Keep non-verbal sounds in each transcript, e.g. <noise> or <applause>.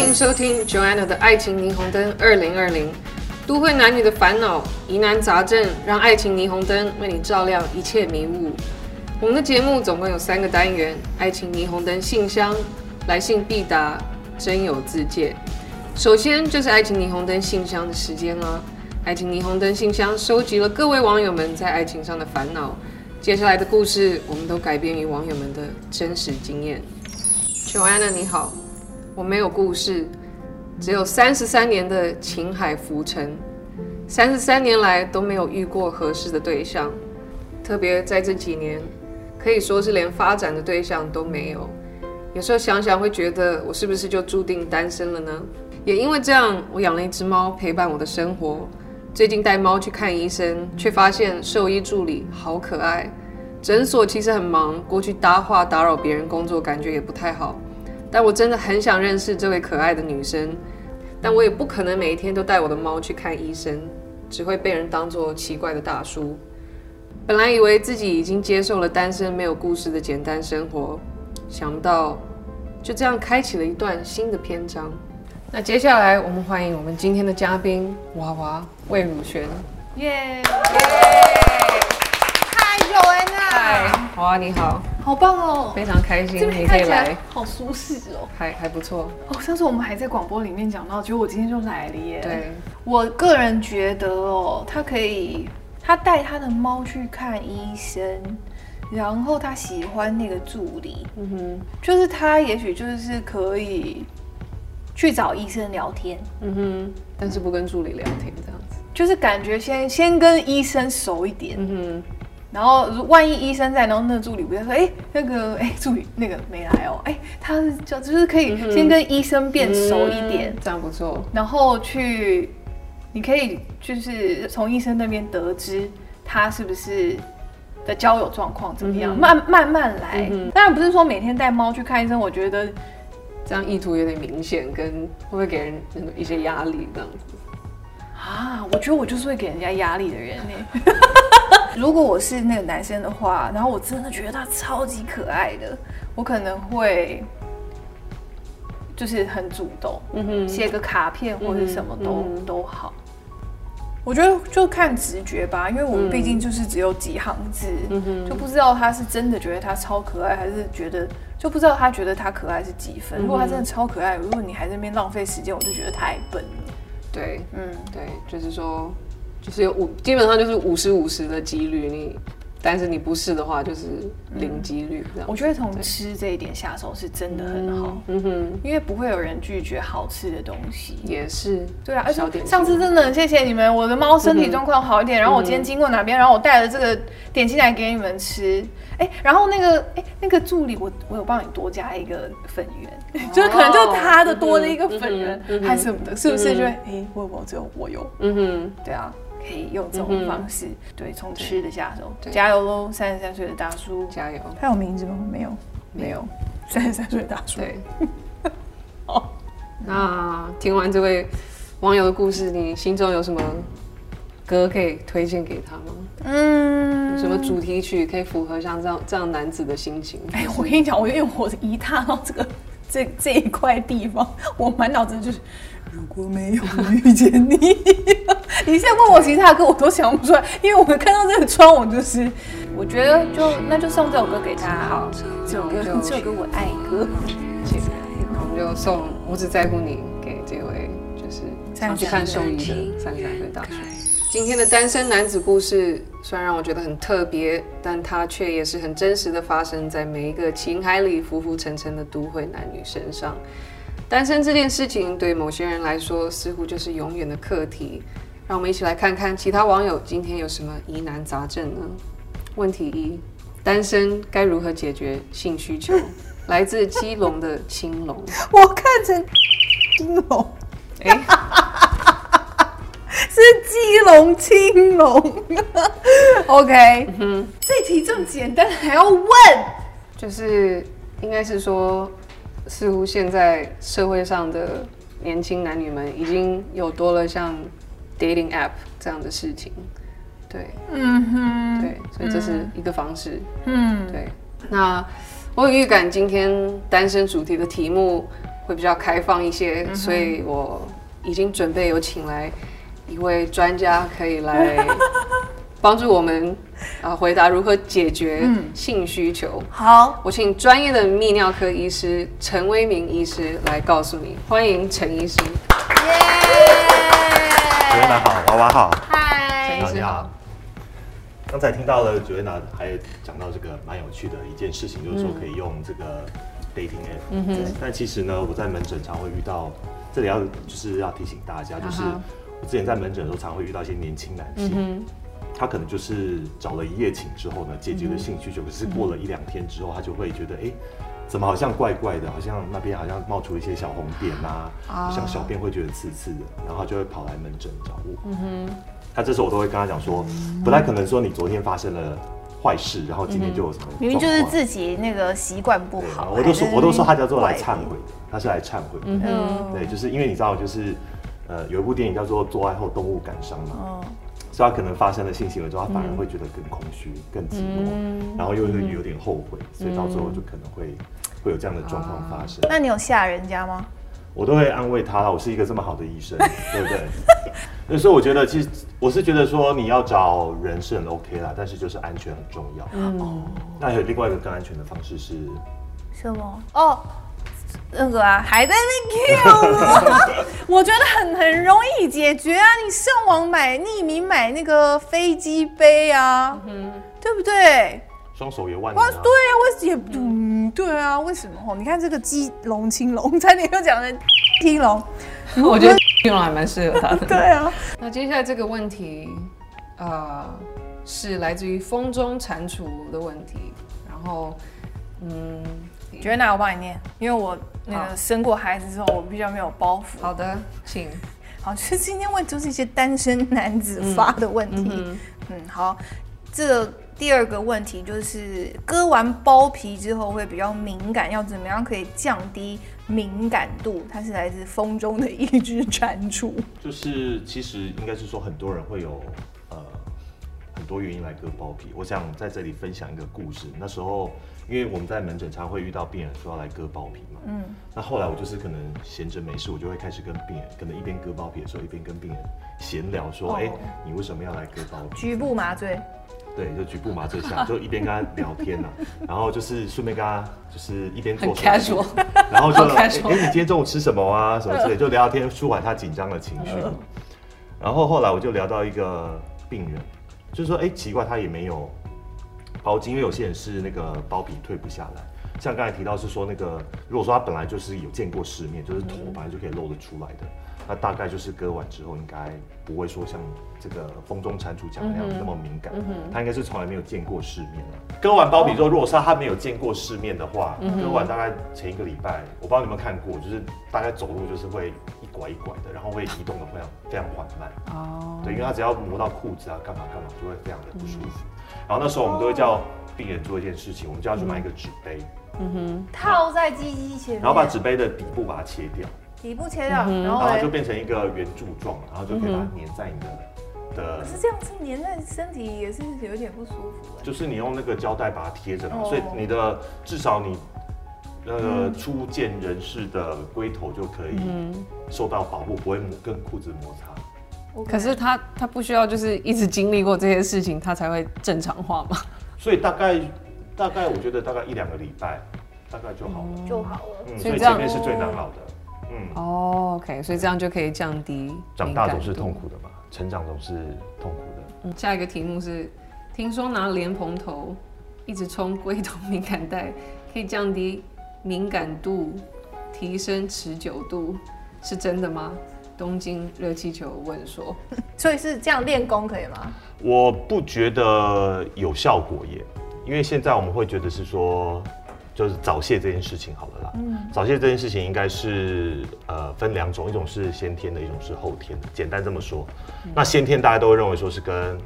歡迎收聽 Joanna 的《愛情霓虹燈2020》二零二零，都會男女的煩惱疑難雜症，讓愛情霓虹燈為你照亮一切迷霧。我們的節目總共有三個單元，《愛情霓虹燈信箱》，來信必答，真有自薦。首先就是《愛情霓虹燈信箱》的時間啦，《愛情霓虹燈信箱》收集了各位網友們在愛情上的煩惱，接下來的故事我們都改編於網友們的真實經驗。Joanna 你好。我沒有故事，只有三十三年的情海浮沉，三十三年來都沒有遇過合適的對象，特別在這幾年，可以說是連發展的對象都沒有。有時候想想，會覺得我是不是就注定單身了呢？也因為這樣，我養了一隻貓陪伴我的生活。最近帶貓去看醫生，卻發現獸醫助理好可愛。診所其實很忙，過去搭話打擾別人工作，感覺也不太好。但我真的很想認識這位可愛的女生，但我也不可能每一天都帶我的貓去看醫生，只會被人當作奇怪的大叔。本來以為自己已經接受了單身沒有故事的簡單生活，想不到就這樣開啟了一段新的篇章。那接下來我們歡迎我們今天的嘉賓娃娃魏如萱耶。啊，你好，好棒哦！非常開心，你可以來，好舒適哦，還還不錯哦。上次我們還在廣播裡面講到，結果我今天就來了耶。對我個人覺得哦，他可以，他帶他的貓去看醫生，然後他喜歡那個助理，嗯哼，就是他也許就是可以去找醫生聊天，嗯哼，但是不跟助理聊天這樣子，就是感覺先先跟醫生熟一點，嗯哼。然後，萬一醫生在，然後那個助理不要說，哎，那個，哎，助理那個沒來哦，哎，他是叫，就是可以先跟醫生變熟一點，嗯嗯、這樣不錯。然後去，你可以就是從醫生那邊得知他是不是的交友狀況怎麼樣，嗯、慢慢慢來。嗯嗯嗯、當然不是說每天帶貓去看醫生，我覺得這樣意圖有點明顯，跟會不會給人一些壓力這樣子啊？我覺得我就是會給人家壓力的人呢、欸。 <laughs> 如果我是那個男生的話，然後我真的覺得他超級可愛的，我可能會就是很主動，嗯、哼寫個卡片或者什麼都、嗯、哼都好。我覺得就看直覺吧，因為我們畢竟就是只有幾行字，嗯、哼就不知道他是真的覺得他超可愛，還是覺得就不知道他覺得他可愛是幾分。嗯、哼如果他真的超可愛，如果你還在那邊浪費時間，我就覺得太笨了。對，嗯，對，就是說。就是有五，基本上就是五十五十的幾率。你，但是你不試的話，就是零幾率。這樣、嗯，我覺得從吃這一點下手是真的很好。嗯，嗯哼，因為不會有人拒絕好吃的東西。也是，對啊啦。小點心。而且上次真的很謝謝你們，我的貓身體狀況好一點，嗯、哼然後我今天經過哪邊，然後我帶了這個點心來給你們吃。欸、然後那個，哎、欸，那個助理我，我我有幫你多加一個粉圓，哦、就是可能就是他的多的一個粉圓、嗯、哼還是什麼的，嗯、哼是不是？就會，哎、欸，我有我只有我有。嗯哼，對啊。可以用這種方式，對，從吃的下手。加油嘍，三十三歲的大叔！加油！他有名字嗎？沒有，沒有。三十三歲大叔。對。那聽完這位網友的故事，你心中有什麼歌可以推薦給他嗎？嗯。有什麼主題曲可以符合像這樣這樣男子的心情？哎，我跟你講，我因為我一踏到這個這這一塊地方，我滿腦子就是如果沒有我遇見你。你現在問我其他歌，我都想不出來，因為我看到這個窗，我就是。我覺得就那就送這首歌給他，好，這首歌這首歌我愛歌。我們就送《我只在乎你》給這位就是去看獸醫的三十歲大學。今天的單身男子故事雖然讓我覺得很特別，但它卻也是很真實的發生在每一個情海裡浮浮沉沉的都會男女身上。單身這件事情對某些人來說，似乎就是永遠的課題。讓我們一起來看看其他網友今天有什麼疑難雜症呢？問題一：單身該如何解決性需求？ <laughs> 來自基隆的青龍，我看成青龍，哎、欸， <laughs> 是基隆青龍。 <laughs> OK，嗯哼，這題這麼簡單還要問？就是應該是說，似乎現在社會上的年輕男女們已經有多了像，dating app 這樣的事情，對，嗯哼，對，所以這是一個方式，嗯，對。那我有預感今天單身主題的題目會比較開放一些，嗯、哼所以我已經準備有請來一位專家可以來幫助我們 <laughs> 啊回答如何解決性需求。嗯、好，我請專業的泌尿科醫師程威銘醫師來告訴你，歡迎程醫師。Yeah! 大家好，娃娃好，嗨 Hi,，你好。剛才聽到了 Joanna 呢，還有講到這個蠻有趣的一件事情，嗯、就是說可以用這個 dating app。嗯哼。但其實呢，我在門診常會遇到，這裡要就是要提醒大家，好就是我之前在門診的時候，常會遇到一些年輕男性，嗯、哼他可能就是找了一夜情之後呢，解決了性需求，可是過了一兩天之後，他就會覺得，哎。怎麼好像怪怪的？好像那邊好像冒出一些小紅點啊，oh. 好像小便會覺得刺刺的，然後就會跑來門診找我。嗯哼、mm，他、hmm. 啊、這時候我都會跟他講說，mm hmm. 不太可能說你昨天發生了壞事，然後今天就有什麼。Mm hmm. 明明就是自己那個習慣不好。我都說，我都說他叫做來懺悔的，他是來懺悔的。嗯、mm，hmm. 對，就是因為你知道，就是呃，有一部電影叫做《做愛後動物感傷》嘛。Oh. 他可能發生了性行為之後，他、嗯、反而會覺得更空虛、更寂寞，嗯、然後又有點後悔，嗯、所以到最後就可能會會有這樣的狀況發生、啊。那你有嚇人家嗎？我都會安慰他，我是一個這麼好的醫生， <laughs> 對不對？所以我覺得，其實我是覺得說，你要找人是很 OK 啦，但是就是安全很重要。哦、嗯。Oh, 那還有另外一個更安全的方式是？什麼？哦、oh.。那個啊，還在那 kill 我覺得很很容易解決啊，你上網買匿名買那個飛機杯啊，嗯、哼對不對？雙手也萬能。對啊，為什麼？嗯，嗯，對啊，為什麼？哦、你看這個雞龍青龍，差點又講了青龍。我覺得青龍還蠻適合他的。 <laughs> 對啊。那接下來這個問題，呃，是來自於風中蟾蜍的問題，然後，嗯。覺得那我幫你念，因為我那個生過孩子之後，我比較沒有包袱。好的，請。好，其實今天問就是一些單身男子發的問題。嗯,嗯,嗯好，這個第二個問題就是割完包皮之後會比較敏感，要怎麼樣可以降低敏感度？它是來自風中的一只蟾蜍。就是其實應該是說很多人會有呃很多原因來割包皮，我想在這裡分享一個故事。那時候。因為我們在門診常會遇到病人說要來割包皮嘛，嗯，那後來我就是可能閒着沒事，我就會開始跟病人，可能一邊割包皮的時候，一邊跟病人閒聊，說，哎、哦欸，你為什麼要來割包皮？局部麻醉，對，就局部麻醉下，嗯、就一邊跟他聊天吶、啊， <laughs> 然後就是順便跟他就是一邊做，很 casual 然後就，哎 <laughs> 很 casual、欸，你今天中午吃什麼啊？什麼之類，就聊天舒緩他緊張的情緒。 <laughs> 然後後來我就聊到一個病人，就是說，哎、欸，奇怪，他也沒有。包莖，因為有些人是那個包皮退不下來，像剛才提到是說那個，如果說他本來就是有見過世面，就是頭本來就可以露得出來的。他大概就是割完之後，應該不會說像這個風中蟾蜍講那樣那麼敏感，嗯，嗯、他應該是從來沒有見過世面的，割完包皮之後，如果說若是他沒有見過世面的話，嗯、割完大概前一個禮拜，我不知道你們有沒有看過，就是大概走路就是會一拐一拐的，然後會移動的非常非常緩慢。哦。對，因為他只要磨到褲子啊，幹嘛幹嘛就會非常的不舒服。嗯、然後那時候我們都會叫病人做一件事情，我們就要去買一個紙杯，嗯哼，後套在機機前，然後把紙杯的底部把它切掉。底部切掉，嗯嗯，然後就變成一個圓柱狀，對然後就可以把它粘在你的的。可是這樣子粘在身體也是有點不舒服、欸。就是你用那個膠帶把它貼着，哦、所以你的至少你那個初見人士的龜頭就可以受到保護，不會跟褲子摩擦。可是他他不需要就是一直經歷過這些事情，他才會正常化嘛。所以大概大概我覺得大概一兩個禮拜，大概就好了就好了。嗯，所以前面是最難熬的。嗯嗯、哦，OK，所以這樣就可以降低。長大總是痛苦的嘛，成長總是痛苦的。嗯，下一個題目是，聽說拿蓮蓬頭一直沖龜頭敏感帶，可以降低敏感度，提升持久度，是真的嗎？東京熱氣球問說， <laughs> 所以是這樣練功可以嗎？我不覺得有效果耶，因為現在我們會覺得是說。就是早泄這件事情，好了啦。嗯，早泄這件事情應該是呃分兩種，一種是先天的，一種是後天的。簡單這麼說，那先天大家都會認為說是跟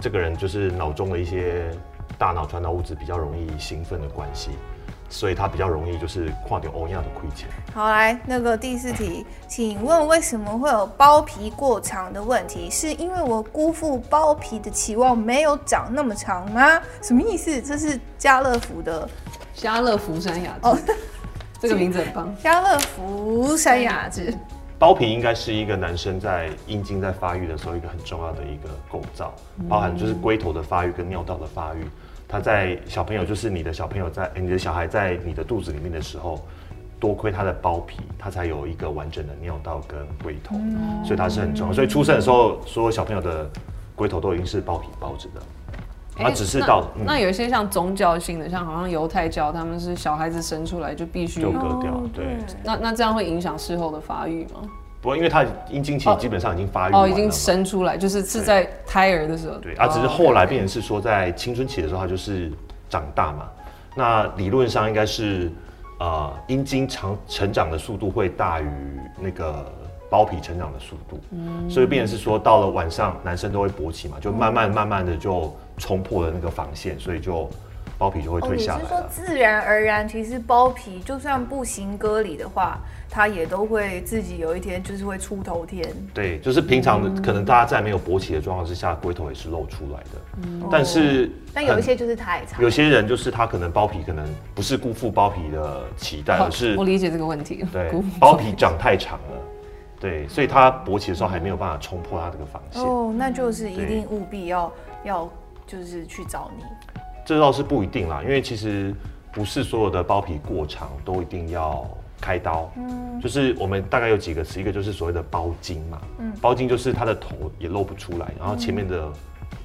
這個人就是腦中的一些大腦傳導物質比較容易興奮的關係，所以他比較容易就是跨掉歐亞的虧錢好。好，來那個第四題，請問為什麼會有包皮過長的問題？是因為我辜負包皮的期望，沒有長那麼長嗎？什麼意思？這是家樂福的。家樂福山雅治，哦，這個名字很棒。家樂福山雅治，包皮應該是一個男生在陰莖在發育的時候一個很重要的一個構造，包含就是龜頭的發育跟尿道的發育。他在小朋友，就是你的小朋友在，你的小孩在你的肚子裡面的時候，多虧他的包皮，他才有一個完整的尿道跟龜頭，所以他是很重要。所以出生的時候，所有小朋友的龜頭都已經是包皮包着的。啊，欸、只是到那，嗯、那有一些像宗教性的，像好像猶太教，他們是小孩子生出來就必須就割掉，oh, okay. 對。那那這樣會影響事後的發育嗎？不過，因為他陰莖其實基本上已經發育了，oh, oh, 已經生出來，就是是在胎兒的時候。對啊，對 oh, okay, okay. 只是後來變成是說在青春期的時候，他就是長大嘛。那理論上應該是啊，呃、陰莖長成長的速度會大於那個。包皮成長的速度，所以變成是說，到了晚上，男生都會勃起嘛，就慢慢慢慢的就衝破了那個防線，所以就包皮就會退下來了。你、哦、說自然而然？其實包皮就算不行割禮的話，他也都會自己有一天就是會出頭天。對，就是平常可能大家在沒有勃起的狀況之下，龜頭也是露出來的。哦、但是，但有一些就是太長。有些人就是他可能包皮可能不是辜負包皮的期待，好而是我理解這個問題。對，包皮長太長了。對，所以他勃起的時候還沒有辦法衝破他這個防線。哦，那就是一定務必要對要就是去找你。這倒是不一定啦，因為其實不是所有的包皮過長都一定要開刀。嗯。就是我們大概有幾個詞，一個就是所謂的包莖嘛。嗯。包莖就是他的頭也露不出來，然後前面的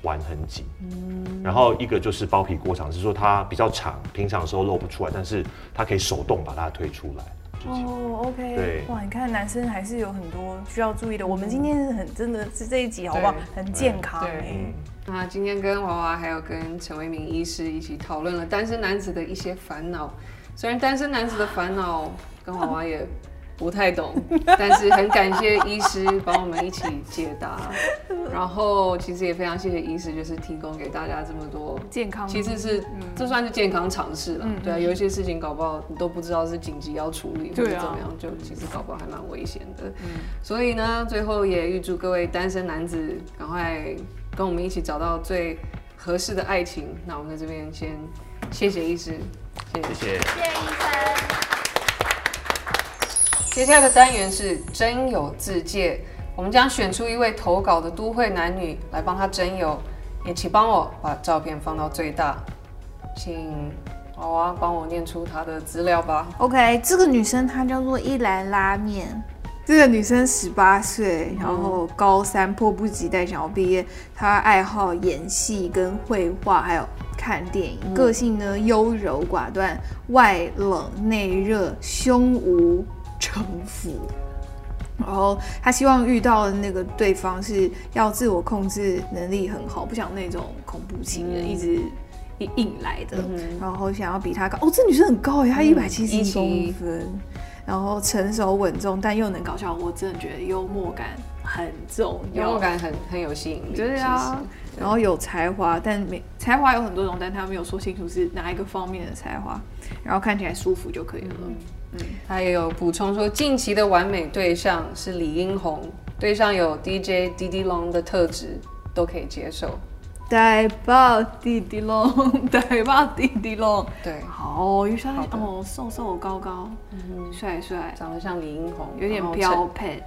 環很緊。嗯。然後一個就是包皮過長，是說他比較長，平常的時候露不出來，但是他可以手動把它推出來。哦、oh,，OK，對哇，你看男生還是有很多需要注意的。嗯、我們今天是很真的是這一集好不好？對很健康，欸對，對，對對，那今天跟娃娃還有跟程威銘醫師一起討論了單身男子的一些煩惱。雖然單身男子的煩惱跟娃娃也。 <laughs> 不太懂，但是很感謝醫師幫我們一起解答。 <laughs> 然後其實也非常謝謝醫師，就是提供給大家這麼多健康。其實是、嗯、這算是健康嘗試了，嗯、對啊，有一些事情搞不好你都不知道是緊急要處理、嗯、或者怎麼樣，就其實搞不好還蠻危險的。嗯、所以呢，最後也預祝各位單身男子趕快跟我們一起找到最合適的愛情。那我們在這邊先謝謝醫師，謝謝，謝謝，謝謝醫生。接下來的單元是徵友自介，我們將選出一位投稿的都會男女來幫他徵友，也請幫我把照片放到最大，請，娃娃，幫我念出她的資料吧。OK，這個女生她叫做一蘭拉麵，這個女生十八歲，然後高三，迫不及待想要畢業。她愛好演戲跟繪畫，還有看電影，個性呢優柔寡斷，外冷內熱，胸無。城府，然後他希望遇到的那個對方是要自我控制能力很好，不像那種恐怖情人、嗯、一直一硬來的，嗯嗯，然後想要比他高。哦，這女生很高耶，她一百七十一公分，嗯、一一，然後成熟穩重但又能搞笑。我真的覺得幽默感很重要，幽默感很很有吸引力，對啊，是是，然後有才華，但沒才華有很多種，但他沒有說清楚是哪一個方面的才華。然後看起來舒服就可以了。嗯他也、嗯、有補充說，近期的完美對象是李英宏，對象有 DJ Didilong 的特質都可以接受。Didilong，Didilong。代弟弟對，oh, 好的，於是瘦瘦高高，帥帥、嗯，帥帥長得像李英宏有點標配。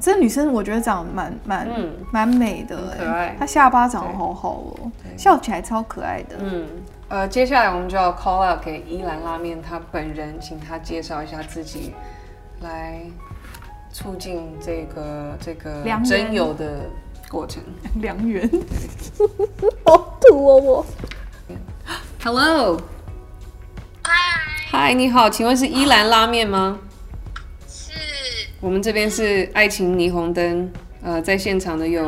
這個、女生我覺得長得蠻蠻蠻美的。欸，她下巴長得好好哦，笑起來超可愛的。嗯，呃，接下來我們就要 call out 給依蘭拉麵她本人，請她介紹一下自己，來促進這個這個良緣的過程。良緣人，對 <laughs> 好土哦，喔！我。Hello，嗨，嗨你好，請問是依蘭拉麵嗎？我們這邊是愛情霓虹燈，呃，在現場的有，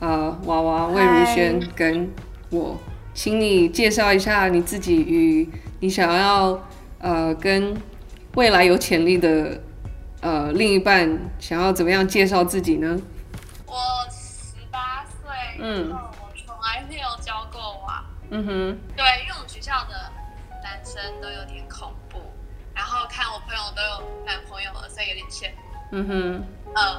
嗯、呃，娃娃、魏如萱跟我，請你介紹一下你自己與你想要，呃，跟未來有潛力的，呃，另一半想要怎麼樣介紹自己呢？我十八歲，嗯，我從來沒有交過娃、啊。嗯哼，對，因為我們學校的男生都有點恐怖，然後看我朋友都有男朋友了，所以有點怯。嗯哼，uh,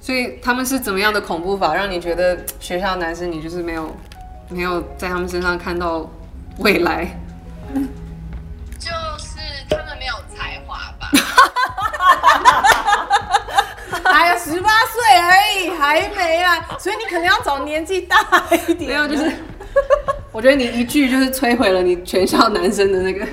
所以他們是怎麼樣的恐怖法，讓你覺得學校男生你就是沒有，沒有在他們身上看到未來？就是他們沒有才華吧？還有十八歲而已，還沒啊，所以你可能要找年紀大一點的。沒有，就是，我覺得你一句就是摧毀了你全校男生的那個。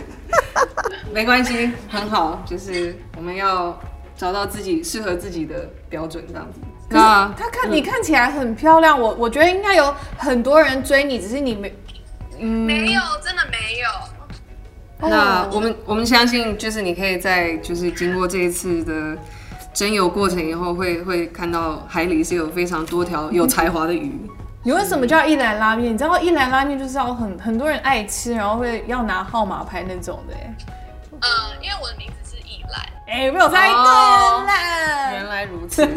沒關係，很好，就是我們要。找到自己適合自己的標準，這樣子。啊，他看你看起來很漂亮，我我覺得應該有很多人追你，只是你沒，嗯、沒有，真的沒有。那我們我們相信，就是你可以在就是經過這一次的徵友過程以後會，會會看到海裡是有非常多條有才華的魚。嗯、你為什麼叫一蘭拉麵？你知道一蘭拉麵就是要很很多人愛吃，然後會要拿號碼牌那種的。呃、嗯，因為我的名字。哎、欸，沒有猜、oh, 對啦！原來如此。哦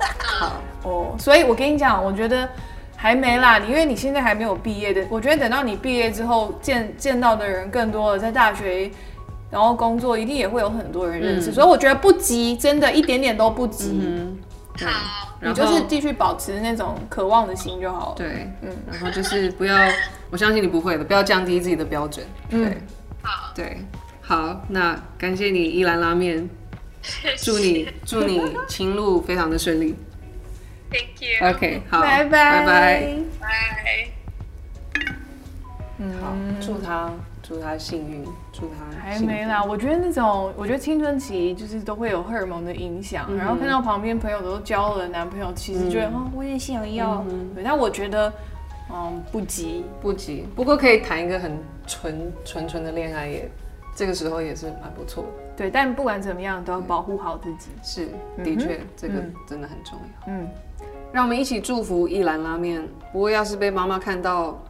<laughs> 好，oh, 所以我跟你講，我覺得還沒啦，你因為你現在還沒有畢業的。我覺得等到你畢業之後，見見到的人更多了，在大學，然後工作，一定也會有很多人認識。嗯、所以我覺得不急，真的一點點都不急。嗯、mm，hmm. 對好。你就是繼續保持那種渴望的心就好了。對，嗯。然後就是不要，我相信你不會的，不要降低自己的標準。嗯、對，好。對。好，那感謝你依蘭拉麵，祝你祝你情路非常的順利。Thank you. OK，好，拜拜拜拜嗯，bye bye Bye 好，祝他祝他幸運，祝他還沒啦。我覺得那種，我覺得青春期就是都會有荷爾蒙的影響，嗯、然後看到旁邊朋友都交了男朋友，其實覺得、嗯、哦，我也想要。嗯、哼對，但我覺得，嗯，不急不急，不過可以談一個很純純純的戀愛也。這個時候也是蠻不錯的，對。但不管怎麼樣，都要保護好自己。是，的確，嗯、哼這個真的很重要。嗯，讓我們一起祝福一蘭拉麵。不過要是被媽媽看到，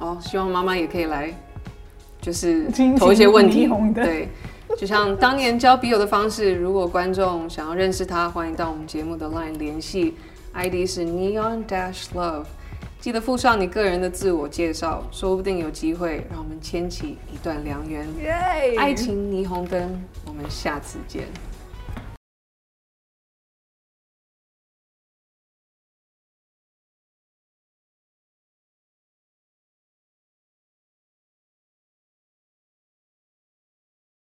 哦，希望媽媽也可以來，就是投一些問題。對，就像當年交筆友的方式， <laughs> 如果觀眾想要認識他，歡迎到我們節目的 LINE 聯繫，ID 是 Neon Dash Love。記得附上你個人的自我介紹，說不定有機會讓我們牽起一段良緣。耶！愛情霓虹燈，我們下次見。